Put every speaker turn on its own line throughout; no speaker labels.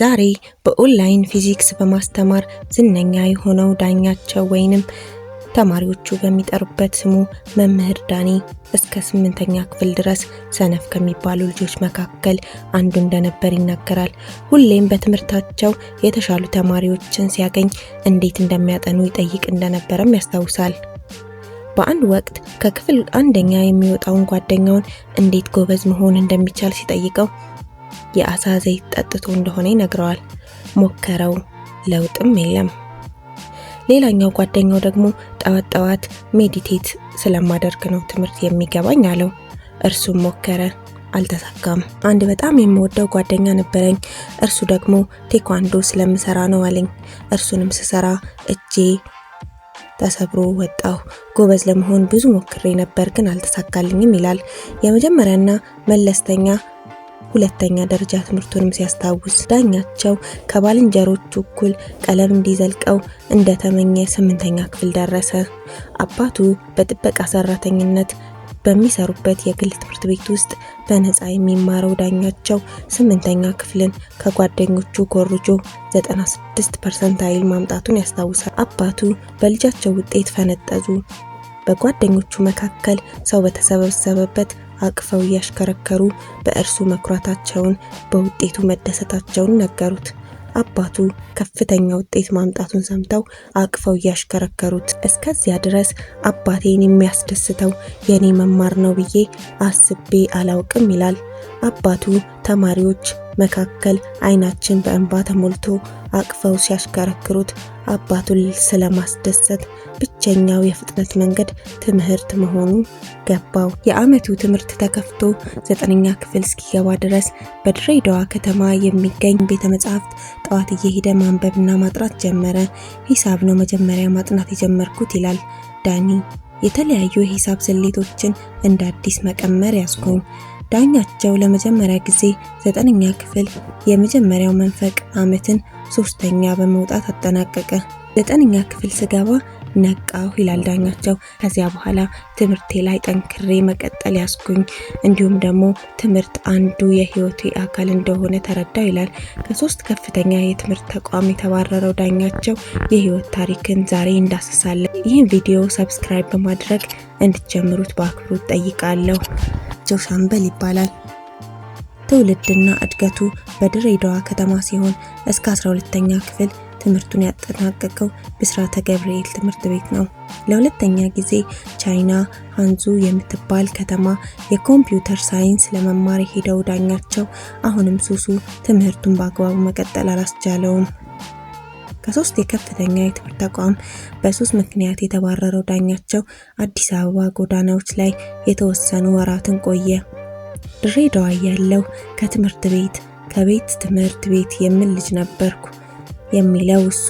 ዛሬ በኦንላይን ፊዚክስ በማስተማር ዝነኛ የሆነው ዳኛቸው ወይንም ተማሪዎቹ በሚጠሩበት ስሙ መምህር ዳኒ እስከ ስምንተኛ ክፍል ድረስ ሰነፍ ከሚባሉ ልጆች መካከል አንዱ እንደነበር ይናገራል። ሁሌም በትምህርታቸው የተሻሉ ተማሪዎችን ሲያገኝ እንዴት እንደሚያጠኑ ይጠይቅ እንደነበረም ያስታውሳል። በአንድ ወቅት ከክፍል አንደኛ የሚወጣውን ጓደኛውን እንዴት ጎበዝ መሆን እንደሚቻል ሲጠይቀው የአሳ ዘይት ጠጥቶ እንደሆነ ይነግረዋል። ሞከረው፣ ለውጥም የለም። ሌላኛው ጓደኛው ደግሞ ጠዋት ጠዋት ሜዲቴት ስለማደርግ ነው ትምህርት የሚገባኝ አለው። እርሱም ሞከረ፣ አልተሳካም። አንድ በጣም የምወደው ጓደኛ ነበረኝ። እርሱ ደግሞ ቴኳንዶ ስለምሰራ ነው አለኝ። እርሱንም ስሰራ እጄ ተሰብሮ ወጣሁ። ጎበዝ ለመሆን ብዙ ሞክሬ ነበር ግን አልተሳካልኝም ይላል። የመጀመሪያና መለስተኛ ሁለተኛ ደረጃ ትምህርቱንም ሲያስታውስ ዳኛቸው ከባልንጀሮቹ እኩል ቀለም እንዲዘልቀው እንደተመኘ ስምንተኛ ክፍል ደረሰ። አባቱ በጥበቃ ሰራተኝነት በሚሰሩበት የግል ትምህርት ቤት ውስጥ በነፃ የሚማረው ዳኛቸው ስምንተኛ ክፍልን ከጓደኞቹ ኮርጆ 96 ፐርሰንታይል ማምጣቱን ያስታውሳል። አባቱ በልጃቸው ውጤት ፈነጠዙ። በጓደኞቹ መካከል ሰው በተሰበሰበበት አቅፈው እያሽከረከሩ በእርሱ መኩራታቸውን በውጤቱ መደሰታቸውን ነገሩት። አባቱ ከፍተኛ ውጤት ማምጣቱን ሰምተው አቅፈው እያሽከረከሩት፣ እስከዚያ ድረስ አባቴን የሚያስደስተው የእኔ መማር ነው ብዬ አስቤ አላውቅም ይላል። አባቱ ተማሪዎች መካከል አይናችን በእንባ ተሞልቶ አቅፈው ሲያሽከረክሩት አባቱን ስለማስደሰት ብቸኛው የፍጥነት መንገድ ትምህርት መሆኑ ገባው። የዓመቱ ትምህርት ተከፍቶ ዘጠነኛ ክፍል እስኪገባ ድረስ በድሬዳዋ ከተማ የሚገኝ ቤተ መጻሕፍት ጠዋት እየሄደ ማንበብና ማጥራት ጀመረ። ሂሳብ ነው መጀመሪያ ማጥናት የጀመርኩት ይላል ዳኒ። የተለያዩ የሂሳብ ስሌቶችን እንደ አዲስ መቀመር ያስኩኝ ዳኛቸው ለመጀመሪያ ጊዜ ዘጠነኛ ክፍል የመጀመሪያው መንፈቅ ዓመትን ሶስተኛ በመውጣት አጠናቀቀ። ዘጠነኛ ክፍል ስገባ ነቃሁ ይላል ዳኛቸው። ከዚያ በኋላ ትምህርቴ ላይ ጠንክሬ መቀጠል ያስኩኝ፣ እንዲሁም ደግሞ ትምህርት አንዱ የሕይወቴ አካል እንደሆነ ተረዳው ይላል። ከሶስት ከፍተኛ የትምህርት ተቋም የተባረረው ዳኛቸው የህይወት ታሪክን ዛሬ እንዳስሳለን። ይህን ቪዲዮ ሰብስክራይብ በማድረግ እንድትጀምሩት በአክብሮት ጠይቃለሁ። ጌታቸው ሻምበል ይባላል። ትውልድና እድገቱ በድሬዳዋ ከተማ ሲሆን እስከ 12ኛ ክፍል ትምህርቱን ያጠናቀቀው ብስራተ ገብርኤል ትምህርት ቤት ነው። ለሁለተኛ ጊዜ ቻይና ሃንዙ የምትባል ከተማ የኮምፒውተር ሳይንስ ለመማር የሄደው ዳኛቸው አሁንም ሱሱ ትምህርቱን በአግባቡ መቀጠል አላስቻለውም። ከሶስት የከፍተኛ የትምህርት ተቋም በሱስ ምክንያት የተባረረው ዳኛቸው አዲስ አበባ ጎዳናዎች ላይ የተወሰኑ ወራትን ቆየ። ድሬዳዋ ያለው ከትምህርት ቤት ከቤት ትምህርት ቤት የምን ልጅ ነበርኩ የሚለው እሱ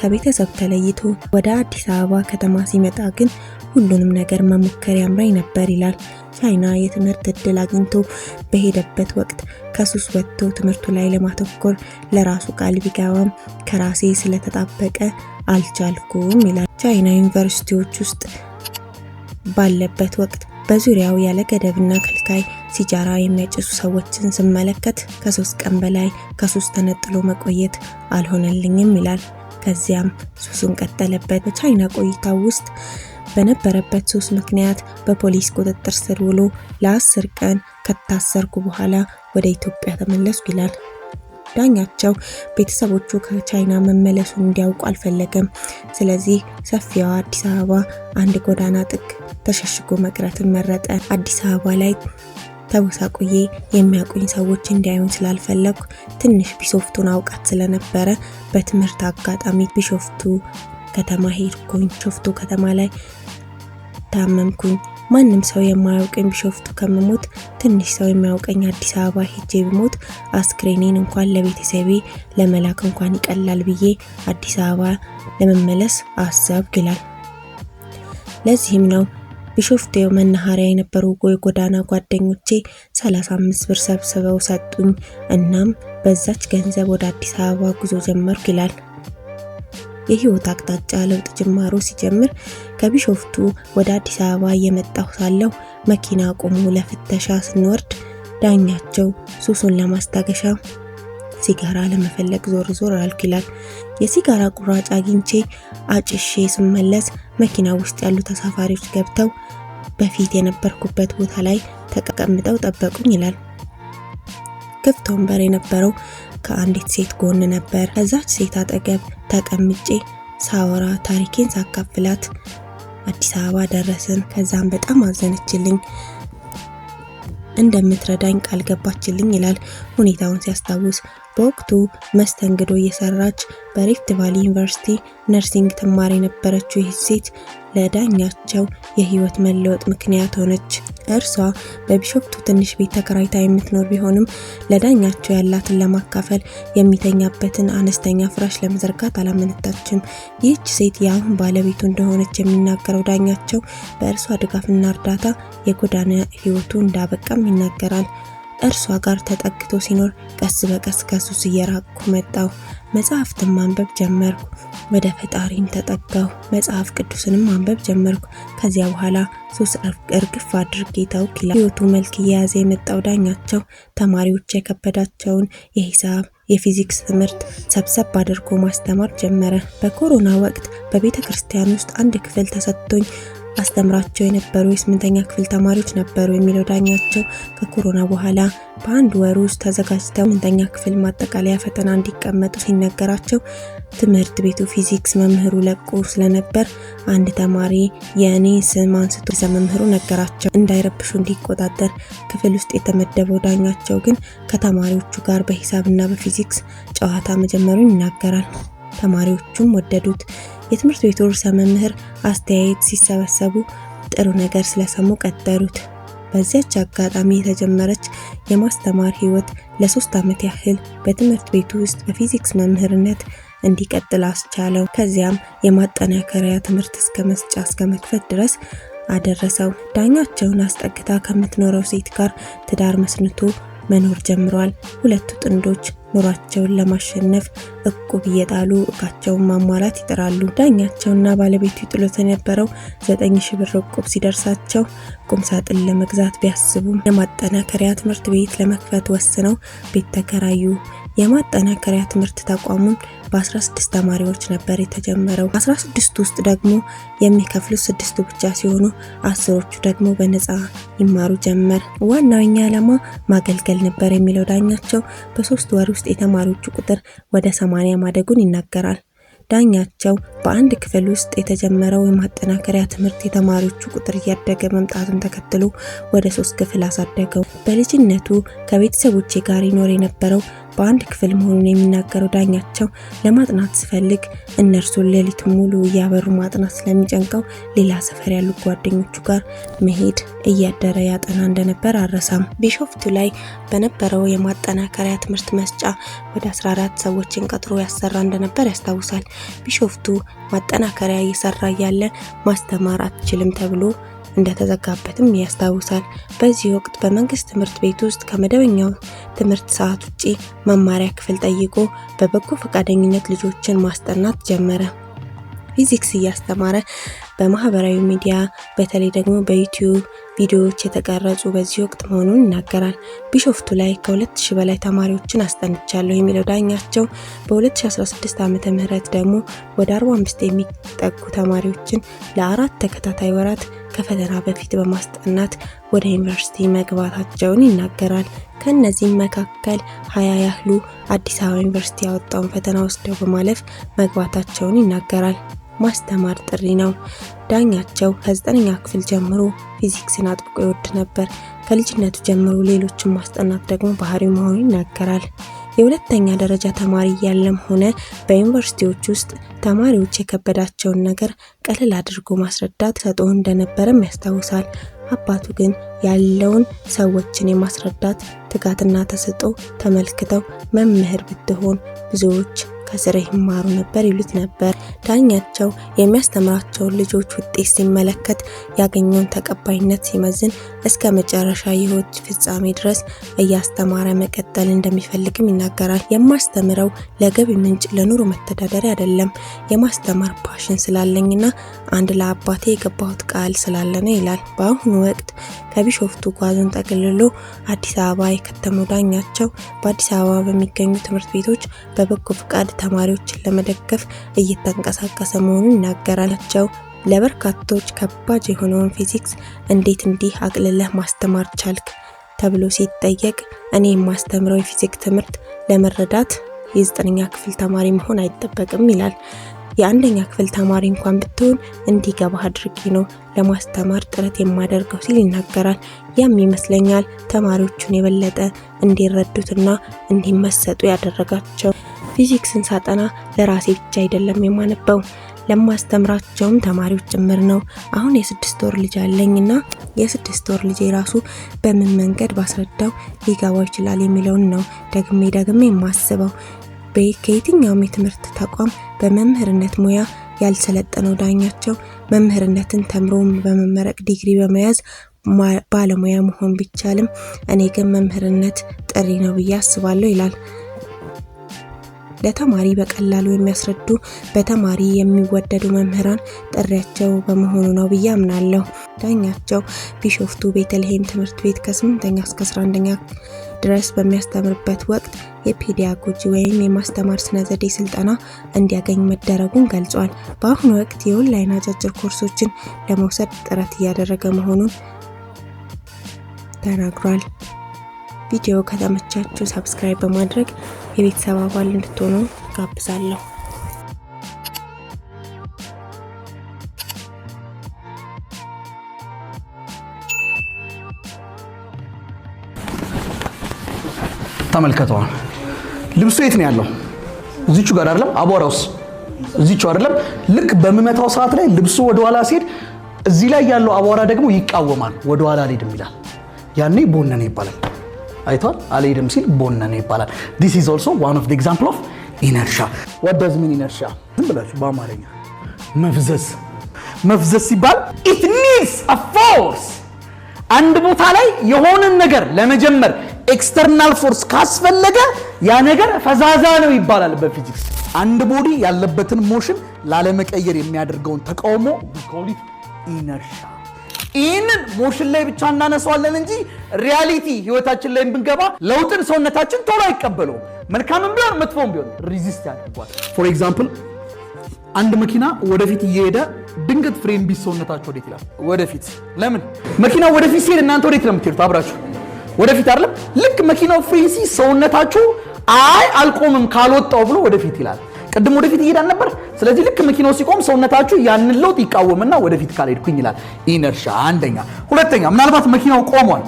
ከቤተሰብ ተለይቶ ወደ አዲስ አበባ ከተማ ሲመጣ ግን ሁሉንም ነገር መሞከር ያምራኝ ነበር ይላል። ቻይና የትምህርት እድል አግኝቶ በሄደበት ወቅት ከሱስ ወጥቶ ትምህርቱ ላይ ለማተኮር ለራሱ ቃል ቢገባም ከራሴ ስለተጣበቀ አልቻልኩም ይላል። ቻይና ዩኒቨርሲቲዎች ውስጥ ባለበት ወቅት በዙሪያው ያለ ገደብና ከልካይ ሲጃራ የሚያጭሱ ሰዎችን ስመለከት ከሶስት ቀን በላይ ከሱስ ተነጥሎ መቆየት አልሆነልኝም ይላል። ከዚያም ሱሱን ቀጠለበት። በቻይና ቆይታው ውስጥ በነበረበት ሱስ ምክንያት በፖሊስ ቁጥጥር ስር ውሎ ለአስር ቀን ከታሰርኩ በኋላ ወደ ኢትዮጵያ ተመለስኩ ይላል። ዳኛቸው ቤተሰቦቹ ከቻይና መመለሱ እንዲያውቁ አልፈለገም። ስለዚህ ሰፊዋ አዲስ አበባ አንድ ጎዳና ጥግ ተሸሽጎ መቅረትን መረጠ። አዲስ አበባ ላይ ተወሳቁዬ የሚያውቁኝ ሰዎች እንዲያዩን ስላልፈለግኩ ትንሽ ቢሾፍቱን አውቃት ስለነበረ በትምህርት አጋጣሚ ቢሾፍቱ ከተማ ሄድኩኝ። ቢሾፍቱ ከተማ ላይ ታመምኩኝ። ማንም ሰው የማያውቀኝ ቢሾፍቱ ከምሞት ትንሽ ሰው የሚያውቀኝ አዲስ አበባ ሄጄ ብሞት አስክሬኔን እንኳን ለቤተሰቤ ለመላክ እንኳን ይቀላል ብዬ አዲስ አበባ ለመመለስ አሰብኩ ግላል። ለዚህም ነው ቢሾፍቱ መናኸሪያ የነበሩ የጎዳና ጓደኞቼ 35 ብር ሰብስበው ሰጡኝ። እናም በዛች ገንዘብ ወደ አዲስ አበባ ጉዞ ጀመርኩ ይላል። የህይወት አቅጣጫ ለውጥ ጅማሮ ሲጀምር ከቢሾፍቱ ወደ አዲስ አበባ እየመጣሁ ሳለሁ መኪና ቆሞ ለፍተሻ ስንወርድ ዳኛቸው ሱሱን ለማስታገሻ ሲጋራ ለመፈለግ ዞር ዞር አልኩ ይላል። የሲጋራ ቁራጭ አግኝቼ አጭሼ ስመለስ መኪና ውስጥ ያሉ ተሳፋሪዎች ገብተው በፊት የነበርኩበት ቦታ ላይ ተቀምጠው ጠበቁኝ ይላል። ክፍት ወንበር የነበረው ከአንዲት ሴት ጎን ነበር። ከዛች ሴት አጠገብ ተቀምጬ ሳወራ ታሪኬን ሳካፍላት አዲስ አበባ ደረስን። ከዛም በጣም አዘነችልኝ፣ እንደምትረዳኝ ቃል ገባችልኝ ይላል ሁኔታውን ሲያስታውስ። በወቅቱ መስተንግዶ እየሰራች በሪፍት ቫሊ ዩኒቨርሲቲ ነርሲንግ ተማሪ የነበረችው ይህች ሴት ለዳኛቸው የህይወት መለወጥ ምክንያት ሆነች። እርሷ በቢሾፍቱ ትንሽ ቤት ተከራይታ የምትኖር ቢሆንም ለዳኛቸው ያላትን ለማካፈል የሚተኛበትን አነስተኛ ፍራሽ ለመዘርጋት አላመነታችም። ይህች ሴት የአሁን ባለቤቱ እንደሆነች የሚናገረው ዳኛቸው በእርሷ ድጋፍና እርዳታ የጎዳና ህይወቱ እንዳበቃም ይናገራል። እርሷ ጋር ተጠግቶ ሲኖር ቀስ በቀስ ከሱስ እየራቅኩ መጣሁ። መጽሐፍትን ማንበብ ጀመርኩ። ወደ ፈጣሪም ተጠጋሁ። መጽሐፍ ቅዱስንም ማንበብ ጀመርኩ። ከዚያ በኋላ ሱስ እርግፍ አድርጌ ተውኩ ይላል። ሕይወቱ መልክ እየያዘ የመጣው ዳኛቸው ተማሪዎች የከበዳቸውን የሂሳብ የፊዚክስ ትምህርት ሰብሰብ አድርጎ ማስተማር ጀመረ። በኮሮና ወቅት በቤተ ክርስቲያን ውስጥ አንድ ክፍል ተሰጥቶኝ አስተምራቸው የነበሩ የስምንተኛ ክፍል ተማሪዎች ነበሩ የሚለው ዳኛቸው ከኮሮና በኋላ በአንድ ወር ውስጥ ተዘጋጅተው ስምንተኛ ክፍል ማጠቃለያ ፈተና እንዲቀመጡ ሲነገራቸው ትምህርት ቤቱ ፊዚክስ መምህሩ ለቆ ስለነበር አንድ ተማሪ የእኔ ስም አንስቶ ዘ መምህሩ ነገራቸው እንዳይረብሹ እንዲቆጣጠር። ክፍል ውስጥ የተመደበው ዳኛቸው ግን ከተማሪዎቹ ጋር በሂሳብና በፊዚክስ ጨዋታ መጀመሩን ይናገራል። ተማሪዎቹም ወደዱት። የትምህርት ቤቱ ርዕሰ መምህር አስተያየት ሲሰበሰቡ ጥሩ ነገር ስለሰሙ ቀጠሩት። በዚያች አጋጣሚ የተጀመረች የማስተማር ህይወት ለሶስት ዓመት ያህል በትምህርት ቤቱ ውስጥ በፊዚክስ መምህርነት እንዲቀጥል አስቻለው። ከዚያም የማጠናከሪያ ትምህርት እስከ መስጫ እስከ መክፈት ድረስ አደረሰው። ዳኛቸውን አስጠግታ ከምትኖረው ሴት ጋር ትዳር መስንቶ መኖር ጀምረዋል። ሁለቱ ጥንዶች ኑሯቸውን ለማሸነፍ እቁብ እየጣሉ እቃቸውን ማሟላት ይጥራሉ። ዳኛቸውና ባለቤቱ ጥሎት የነበረው ዘጠኝ ሺ ብር እቁብ ሲደርሳቸው ቁም ለመግዛት ቢያስቡም የማጠናከሪያ ትምህርት ቤት ለመክፈት ወስነው ቤት ተከራዩ። የማጠናከሪያ ትምህርት ተቋሙን በ16 ተማሪዎች ነበር የተጀመረው። 16 ውስጥ ደግሞ የሚከፍሉት ስድስቱ ብቻ ሲሆኑ አስሮቹ ደግሞ በነፃ ይማሩ ጀመር። ዋናው የኛ ዓላማ ማገልገል ነበር የሚለው ዳኛቸው በሶስት ወር ውስጥ የተማሪዎቹ ቁጥር ወደ 80 ማደጉን ይናገራል። ዳኛቸው በአንድ ክፍል ውስጥ የተጀመረው የማጠናከሪያ ትምህርት የተማሪዎቹ ቁጥር እያደገ መምጣቱን ተከትሎ ወደ ሶስት ክፍል አሳደገው። በልጅነቱ ከቤተሰቦቼ ጋር ይኖር የነበረው በአንድ ክፍል መሆኑን የሚናገረው ዳኛቸው ለማጥናት ሲፈልግ እነርሱን ሌሊት ሙሉ እያበሩ ማጥናት ስለሚጨንቀው ሌላ ሰፈር ያሉ ጓደኞቹ ጋር መሄድ እያደረ ያጠና እንደነበር አረሳም። ቢሾፍቱ ላይ በነበረው የማጠናከሪያ ትምህርት መስጫ ወደ 14 ሰዎችን ቀጥሮ ያሰራ እንደነበር ያስታውሳል። ቢሾፍቱ ማጠናከሪያ እየሰራ እያለ ማስተማር አትችልም ተብሎ እንደተዘጋበትም ያስታውሳል። በዚህ ወቅት በመንግስት ትምህርት ቤት ውስጥ ከመደበኛው ትምህርት ሰዓት ውጪ መማሪያ ክፍል ጠይቆ በበጎ ፈቃደኝነት ልጆችን ማስጠናት ጀመረ። ፊዚክስ እያስተማረ በማህበራዊ ሚዲያ በተለይ ደግሞ በዩቲዩብ ቪዲዮዎች የተቀረጹ በዚህ ወቅት መሆኑን ይናገራል። ቢሾፍቱ ላይ ከ2000 በላይ ተማሪዎችን አስጠንቻለሁ የሚለው ዳኛቸው በ2016 ዓ ም ደግሞ ወደ 45 የሚጠጉ ተማሪዎችን ለአራት ተከታታይ ወራት ከፈተና በፊት በማስጠናት ወደ ዩኒቨርሲቲ መግባታቸውን ይናገራል። ከእነዚህም መካከል ሀያ ያህሉ አዲስ አበባ ዩኒቨርሲቲ ያወጣውን ፈተና ወስደው በማለፍ መግባታቸውን ይናገራል። ማስተማር ጥሪ ነው። ዳኛቸው ከዘጠነኛ ክፍል ጀምሮ ፊዚክስን አጥብቆ ይወድ ነበር። ከልጅነቱ ጀምሮ ሌሎችን ማስጠናት ደግሞ ባህሪ መሆኑን ይናገራል። የሁለተኛ ደረጃ ተማሪ እያለም ሆነ በዩኒቨርሲቲዎች ውስጥ ተማሪዎች የከበዳቸውን ነገር ቀለል አድርጎ ማስረዳት ሰጦ እንደነበረም ያስታውሳል። አባቱ ግን ያለውን ሰዎችን የማስረዳት ትጋትና ተሰጦ ተመልክተው መምህር ብትሆን ብዙዎች ከስር ይማሩ ነበር ይሉት ነበር። ዳኛቸው የሚያስተምራቸውን ልጆች ውጤት ሲመለከት ያገኘውን ተቀባይነት ሲመዝን እስከ መጨረሻ የህይወት ፍጻሜ ድረስ እያስተማረ መቀጠል እንደሚፈልግም ይናገራል። የማስተምረው ለገቢ ምንጭ፣ ለኑሮ መተዳደሪያ አይደለም። የማስተማር ፓሽን ስላለኝና አንድ ለአባቴ የገባሁት ቃል ስላለ ነው ይላል። በአሁኑ ወቅት ከቢሾፍቱ ጓዙን ጠቅልሎ አዲስ አበባ የከተመው ዳኛቸው በአዲስ አበባ በሚገኙ ትምህርት ቤቶች በበጎ ፍቃድ ተማሪዎችን ለመደገፍ እየተንቀሳቀሰ መሆኑን ይናገራላቸው። ለበርካቶች ከባድ የሆነውን ፊዚክስ እንዴት እንዲህ አቅልለህ ማስተማር ቻልክ ተብሎ ሲጠየቅ እኔ የማስተምረው የፊዚክስ ትምህርት ለመረዳት የዘጠነኛ ክፍል ተማሪ መሆን አይጠበቅም ይላል። የአንደኛ ክፍል ተማሪ እንኳን ብትሆን እንዲገባህ አድርጌ ነው ለማስተማር ጥረት የማደርገው ሲል ይናገራል። ያም ይመስለኛል ተማሪዎቹን የበለጠ እንዲረዱትና እንዲመሰጡ ያደረጋቸው። ፊዚክስን ሳጠና ለራሴ ብቻ አይደለም የማነበው ለማስተምራቸውም ተማሪዎች ጭምር ነው። አሁን የስድስት ወር ልጅ አለኝ እና የስድስት ወር ልጅ ራሱ በምን መንገድ ባስረዳው ሊገባው ይችላል የሚለውን ነው ደግሜ ደግሜ የማስበው። ከየትኛውም የትምህርት ተቋም በመምህርነት ሙያ ያልሰለጠነው ዳኛቸው መምህርነትን ተምሮ በመመረቅ ዲግሪ በመያዝ ባለሙያ መሆን ቢቻልም እኔ ግን መምህርነት ጥሪ ነው ብዬ አስባለሁ ይላል። ለተማሪ በቀላሉ የሚያስረዱ በተማሪ የሚወደዱ መምህራን ጥሪያቸው በመሆኑ ነው ብዬ አምናለሁ። ዳኛቸው ቢሾፍቱ ቤተልሔም ትምህርት ቤት ከ8ኛ እስከ 11ኛ ድረስ በሚያስተምርበት ወቅት የፔዲያጎጂ ወይም የማስተማር ስነ ዘዴ ስልጠና እንዲያገኝ መደረጉን ገልጿል። በአሁኑ ወቅት የኦንላይን አጫጭር ኮርሶችን ለመውሰድ ጥረት እያደረገ መሆኑን ተናግሯል። ቪዲዮ ከተመቻችሁ ሰብስክራይብ በማድረግ የቤተሰብ አባል እንድትሆኑ ጋብዛለሁ።
ተመልከተዋል። ልብሱ የት ነው ያለው? እዚቹ ጋር አይደለም? አቧራውስ እዚቹ አይደለም? ልክ በምመታው ሰዓት ላይ ልብሱ ወደኋላ ሲሄድ እዚህ ላይ ያለው አቧራ ደግሞ ይቃወማል። ወደኋላ አልሄድም ይላል። ያኔ ቦነነ ይባላል። አይቷል አልሄድም ሲል ቦነ ነው ይባላል። ዲስ ኢዝ ኦልሶ ዋን ኦፍ ኤግዛምፕል ኦፍ ኢነርሻ። ወደዝ ምን ኢነርሻ ዝም ብላችሁ በአማርኛ መፍዘዝ መፍዘዝ ሲባል ኢት ኒድስ አ ፎርስ አንድ ቦታ ላይ የሆነን ነገር ለመጀመር ኤክስተርናል ፎርስ ካስፈለገ ያ ነገር ፈዛዛ ነው ይባላል በፊዚክስ። አንድ ቦዲ ያለበትን ሞሽን ላለመቀየር የሚያደርገውን ተቃውሞ ኢነርሻ ይህንን ሞሽን ላይ ብቻ እናነሰዋለን እንጂ ሪያሊቲ ህይወታችን ላይ ብንገባ ለውጥን ሰውነታችን ቶሎ አይቀበሉ መልካምም ቢሆን መጥፎም ቢሆን ሪዚስት ያደርጓል። ፎር ኤግዛምፕል አንድ መኪና ወደፊት እየሄደ ድንገት ፍሬም ቢስ ሰውነታችሁ ወዴት ይላል? ወደፊት። ለምን መኪና ወደፊት ሲሄድ እናንተ ወዴት ነው የምትሄዱት? አብራችሁ ወደፊት አይደለም። ልክ መኪናው ፍሬ ሲ ሰውነታችሁ አይ አልቆምም ካልወጣው ብሎ ወደፊት ይላል። ቅድም ወደፊት እየሄዳን ነበር። ስለዚህ ልክ መኪናው ሲቆም ሰውነታችሁ ያንን ለውጥ ይቃወምና ወደፊት ካልሄድኩኝ ይላል። ኢነርሻ አንደኛ። ሁለተኛ ምናልባት መኪናው ቆሟል፣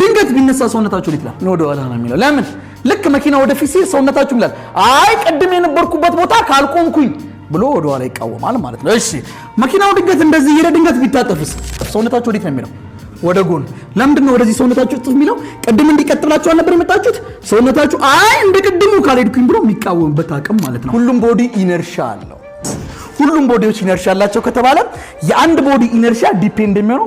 ድንገት ቢነሳ ሰውነታችሁ ሊት ይላል። ወደ ኋላ ነው የሚለው። ለምን? ልክ መኪናው ወደፊት ሲሄድ ሰውነታችሁ ይላል፣ አይ ቅድም የነበርኩበት ቦታ ካልቆምኩኝ ብሎ ወደ ኋላ ይቃወማል ማለት ነው። እሺ መኪናው ድንገት እንደዚህ እየሄደ ድንገት ቢታጠፍስ ሰውነታችሁ ወዴት ነው የሚለው? ወደ ጎን ለምንድን ነው ወደዚህ ሰውነታችሁ ጥፍ የሚለው? ቅድም እንዲቀጥላችሁ አልነበር የመጣችሁት? ሰውነታችሁ አይ እንደ ቅድሙ ካልሄድኩኝ ብሎ የሚቃወምበት አቅም ማለት ነው። ሁሉም ቦዲ ኢነርሻ አለው። ሁሉም ቦዲዎች ኢነርሻ አላቸው ከተባለ የአንድ ቦዲ ኢነርሻ ዲፔንድ የሚሆነው